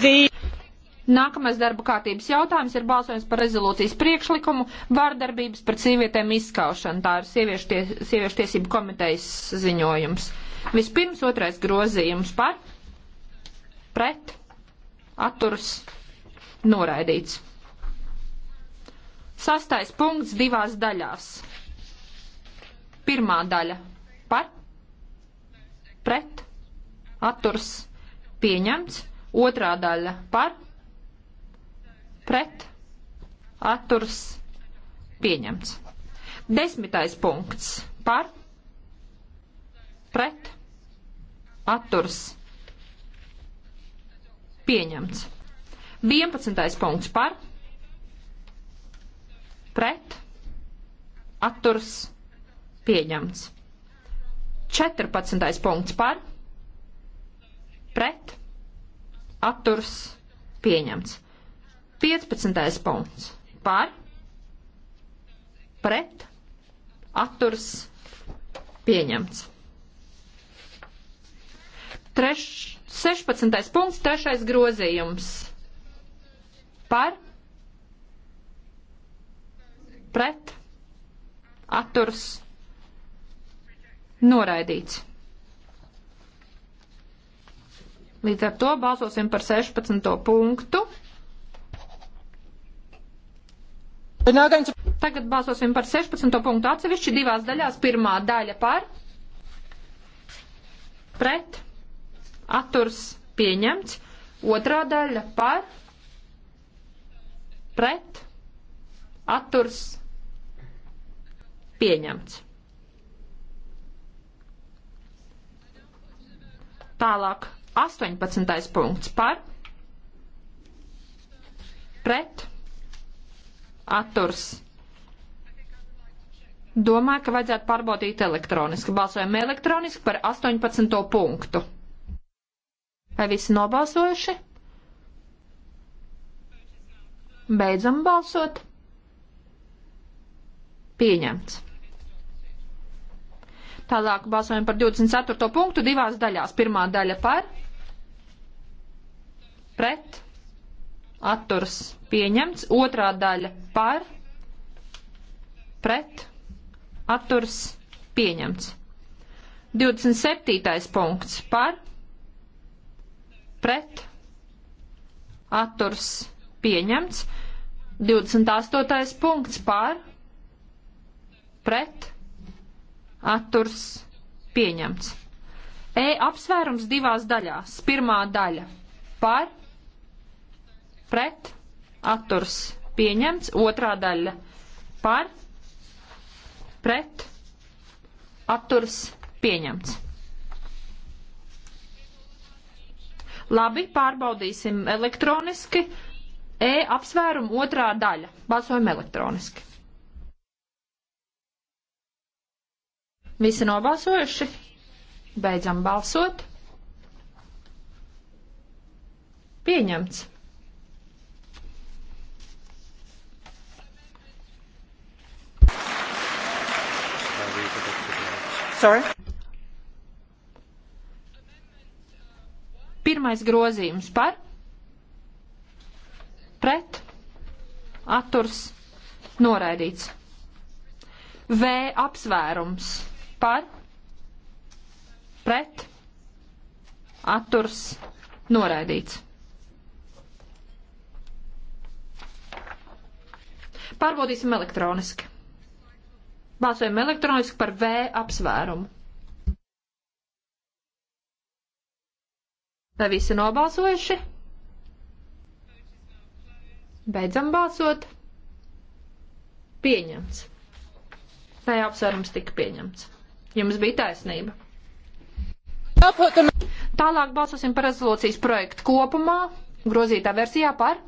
The... Nākamais darba kārtības jautājums ir balsojums par rezolūcijas priekšlikumu vārdarbības par sievietēm izskaušanu. Tā ir sieviešu, ties, sieviešu tiesību komitejas ziņojums. Vispirms otrais grozījums par, pret, atturs, noraidīts. Sastais punkts divās daļās. Pirmā daļa par, pret, atturs, pieņemts Otrā daļa par, pret, atturs, pieņemts. Desmitais punkts par, pret, atturs, pieņemts. Vienpadsmitais punkts par, pret, atturs, pieņemts. Četrpadsmitais punkts par, pret, atturs pieņemts. 15. punkts par, pret, atturs pieņemts. Treš, 16. punkts, trešais grozījums par, pret, atturs noraidīts. Līdz ar to balsosim par 16. punktu. Tagad balsosim par 16. punktu atsevišķi divās daļās. Pirmā daļa par, pret, atturs pieņemts. Otrā daļa par, pret, atturs pieņemts. Tālāk 18. punkts par pret atturs. Domāju, ka vajadzētu pārbaudīt elektroniski. Balsojam elektroniski par 18. punktu. Vai visi nobalsojuši? Beidzam balsot. Pieņemts. Tālāk balsojam par 24. punktu divās daļās. Pirmā daļa par pret, atturas pieņemts, otrā daļa par, pret, atturas pieņemts. 27. punkts par, pret, atturas pieņemts. 28. punkts par, pret, atturs pieņemts. E apsvērums divās daļās. Pirmā daļa par, pret, atturs pieņemts, otrā daļa par, pret, atturs pieņemts. Labi, pārbaudīsim elektroniski. E apsvērumu otrā daļa. Balsojam elektroniski. Visi nobalsojuši? Beidzam balsot. Pieņemts. Sorry. Pirmais grozījums par, pret, atturs, noraidīts. V apsvērums par, pret, atturs, noraidīts. Pārbaudīsim elektroniski. Balsojam elektroniski par V apsvērumu. Vai visi nobalsojuši? Beidzam balsot. Pieņemts. Vai apsvērums tika pieņemts? Jums bija taisnība. Tālāk balsosim par rezolūcijas projektu kopumā, grozītā versijā par,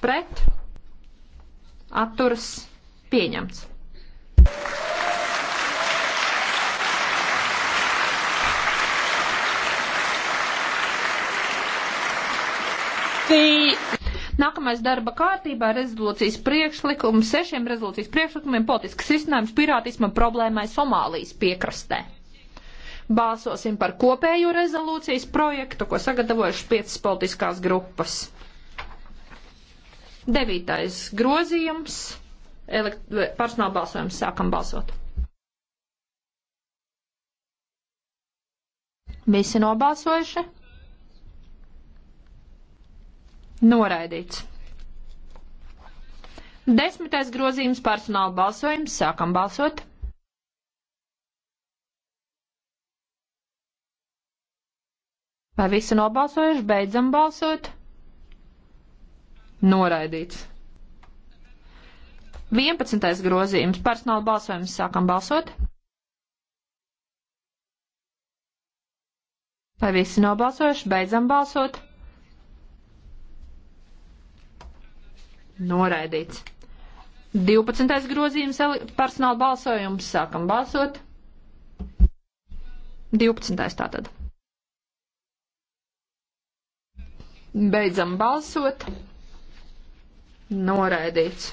pret, atturas, pieņemts. The... Nākamais darba kārtībā rezolūcijas priekšlikums, sešiem rezolūcijas priekšlikumiem politisks risinājums pirātisma problēmai Somālijas piekrastē. Balsosim par kopējo rezolūcijas projektu, ko sagatavojuši piecas politiskās grupas. Devītais grozījums. Elekt... Personāla balsojums sākam balsot. Visi nobalsojuši? Noraidīts. Desmitais grozījums personāla balsojums. Sākam balsot. Vai visi nobalsojuši? Beidzam balsot. Noraidīts. 11. grozījums. Personāla balsojums. Sākam balsot. Vai visi nobalsojuši? Beidzam balsot. Noraidīts. 12. grozījums personāla balsojums. Sākam balsot. 12. tātad. Beidzam balsot. Noraidīts.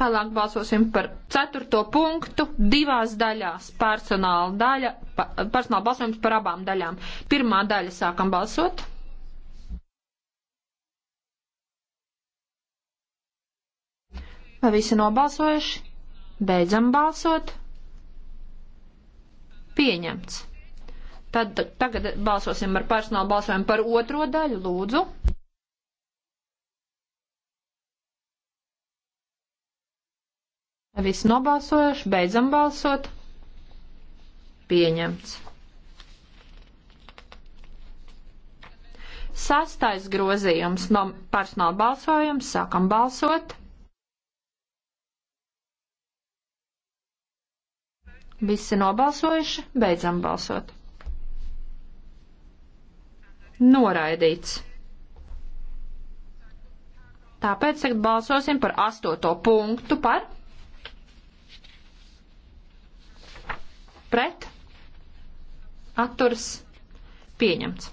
Tālāk balsosim par ceturto punktu divās daļās. Personāla, daļa, personāla balsojums par abām daļām. Pirmā daļa sākam balsot. Vai visi nobalsojuši? Beidzam balsot. Pieņemts. Tad tagad balsosim ar personālu balsojumu par otro daļu, lūdzu. Visi nobalsojuši, beidzam balsot. Pieņemts. Sastais grozījums no personāla balsojuma. Sākam balsot. Visi nobalsojuši, beidzam balsot. Noraidīts. Tāpēc tagad balsosim par astoto punktu par pret atturs pieņemts.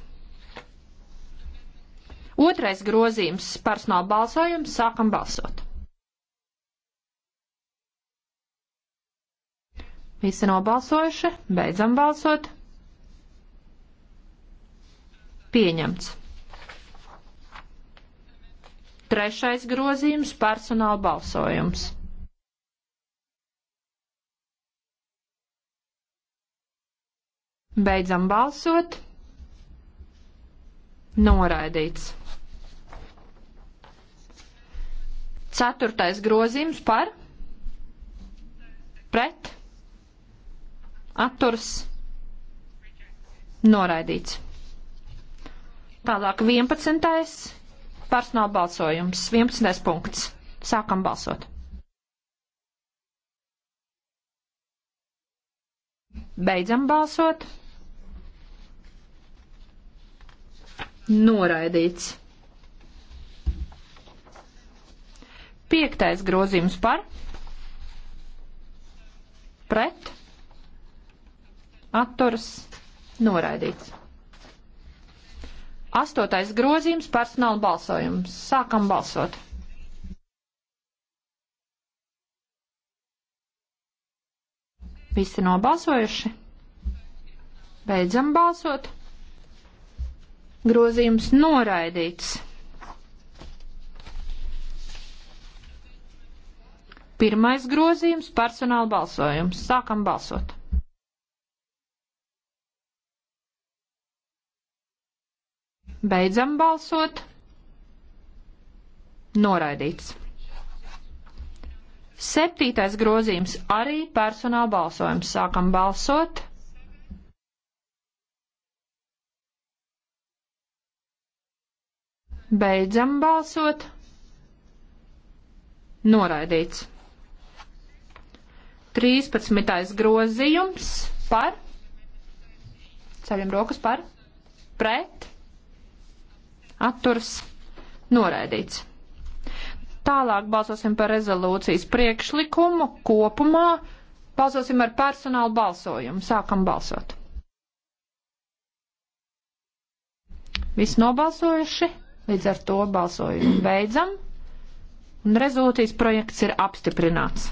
Otrais grozījums personāla balsojums sākam balsot. Visi nobalsojuši, beidzam balsot. Pieņemts. Trešais grozījums - personāla balsojums. Beidzam balsot. Noraidīts. Ceturtais grozījums par pret atturs noraidīts. Tālāk 11. personāla balsojums, 11. punkts. Sākam balsot. Beidzam balsot. Noraidīts. Piektais grozījums par pret atturas noraidīts. Astotais grozījums personāla balsojums. Sākam balsot. Visi nobalsojuši. Beidzam balsot. Grozījums noraidīts. Pirmais grozījums - personāla balsojums. Sākam balsot. Beidzam balsot. Noraidīts. Septītais grozījums arī personāla balsojums. Sākam balsot. Beidzam balsot. Noraidīts. 13. grozījums par. Ceļam rokas par. Pret atturas noraidīts. Tālāk balsosim par rezolūcijas priekšlikumu kopumā. Balsosim ar personālu balsojumu. Sākam balsot. Visi nobalsojuši, līdz ar to balsojumu beidzam. Un rezolūcijas projekts ir apstiprināts.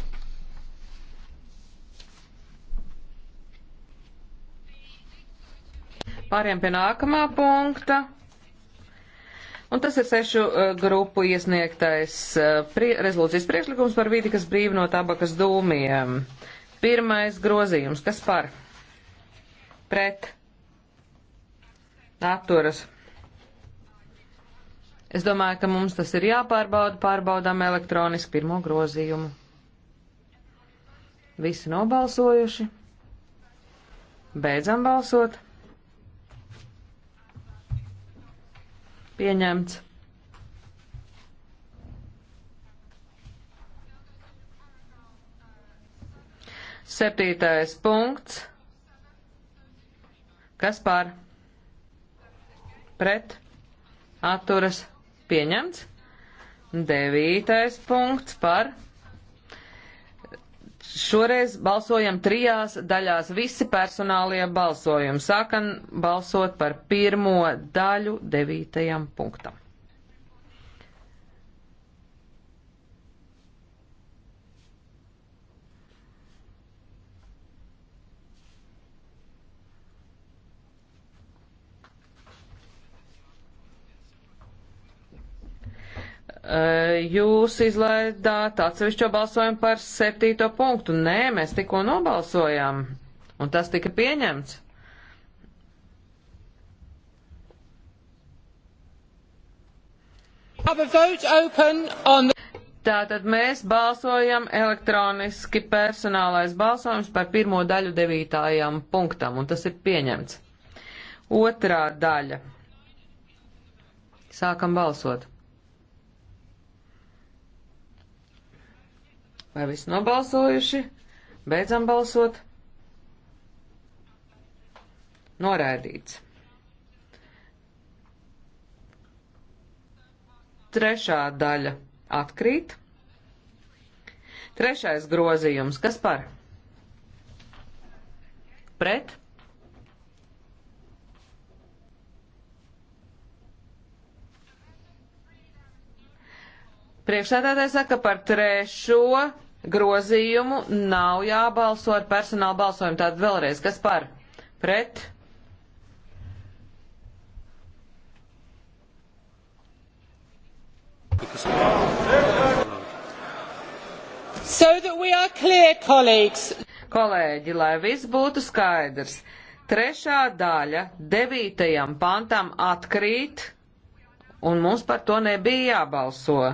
Pāriem pie nākamā punkta. Un tas ir sešu uh, grupu iesniegtais uh, prie, rezolūcijas priekšlikums par vīdi, kas brīv no tabakas dūmiem. Pirmais grozījums, kas par? Pret. Atturas. Es domāju, ka mums tas ir jāpārbauda. Pārbaudām elektroniski pirmo grozījumu. Visi nobalsojuši. Beidzam balsot. Pieņemts. Septītais punkts. Kas par? Pret. Atturas. Pieņemts. Devītais punkts par Šoreiz balsojam trijās daļās visi personālie balsojumi. Sākam balsot par pirmo daļu devītajam punktam. Eh, jūs izlaidāt atsevišķo balsojumu par septīto punktu. Nē, mēs tikko nobalsojām, un tas tika pieņemts. Tātad mēs balsojam elektroniski personālais balsojums par pirmo daļu devītājam punktam, un tas ir pieņemts. Otrā daļa. Sākam balsot. Vai viss nobalsojuši? Beidzam balsot. Noraidīts. Trešā daļa atkrīt. Trešais grozījums. Kas par? Pret? Priekšsēdētājs saka par trešo grozījumu nav jābalso ar personālu balsojumu. Tātad vēlreiz, kas par? Pret? So that we are clear, colleagues. Kolēģi, lai viss būtu skaidrs, trešā daļa devītajam pantam atkrīt, un mums par to nebija jābalso.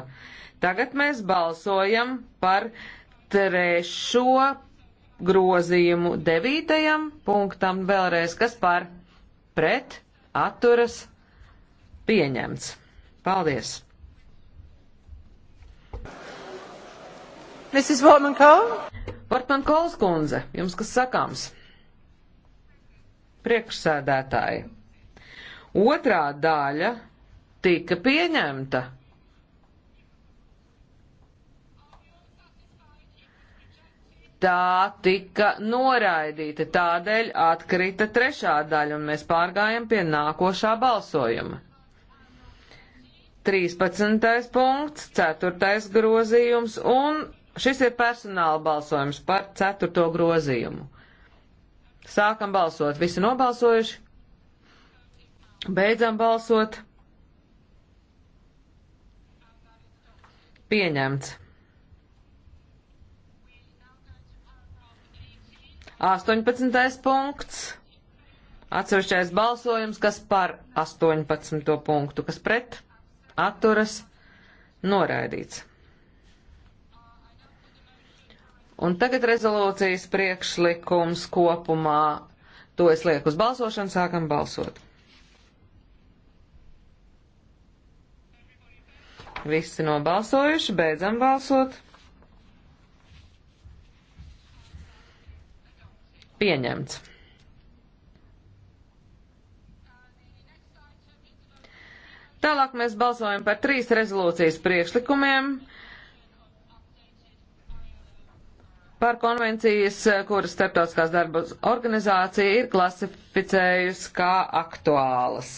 Tagad mēs balsojam par uh, trešo grozījumu devītajam punktam vēlreiz, kas par pret atturas pieņemts. Paldies! Mrs. Vortman Kohl? Vortman Kohls kundze, jums kas sakāms? Priekšsēdētāji. Otrā daļa tika pieņemta. tā tika noraidīta, tādēļ atkrita trešā daļa, un mēs pārgājam pie nākošā balsojuma. 13. punkts, 4. grozījums, un šis ir personāla balsojums par 4. grozījumu. Sākam balsot, visi nobalsojuši, beidzam balsot, pieņemts. 18. punkts. Atsevišķais balsojums, kas par 18. punktu, kas pret, atturas, noraidīts. Un tagad rezolūcijas priekšlikums kopumā. To es lieku uz balsošanu, sākam balsot. Visi nobalsojuši, beidzam balsot. pieņemts. Tālāk mēs balsojam par trīs rezolūcijas priekšlikumiem par konvencijas, kuras starptautiskās darbas organizācija ir klasificējusi kā aktuālas.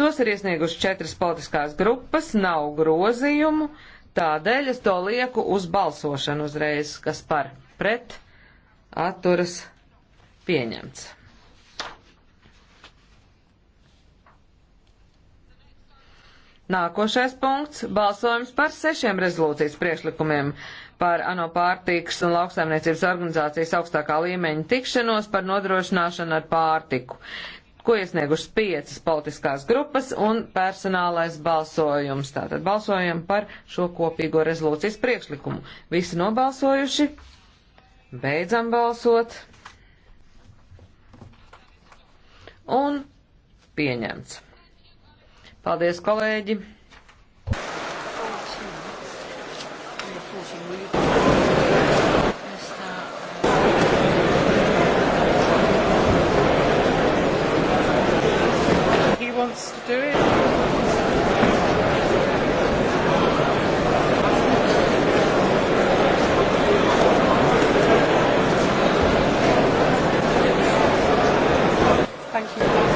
Tos ir iesnieguši četras politiskās grupas, nav grozījumu, tādēļ es to lieku uz balsošanu uzreiz, kas par pret atturas pieņemts. Nākošais punkts - balsojums par sešiem rezolūcijas priekšlikumiem par ANO pārtīks un lauksaimniecības organizācijas augstākā līmeņa tikšanos par nodrošināšanu ar pārtiku, ko iesniegušas piecas politiskās grupas un personālais balsojums. Tātad balsojam par šo kopīgo rezolūcijas priekšlikumu. Visi nobalsojuši? Beidzam balsot. Un pieņemts. Paldies, kolēģi! He wants to do it. Thank you.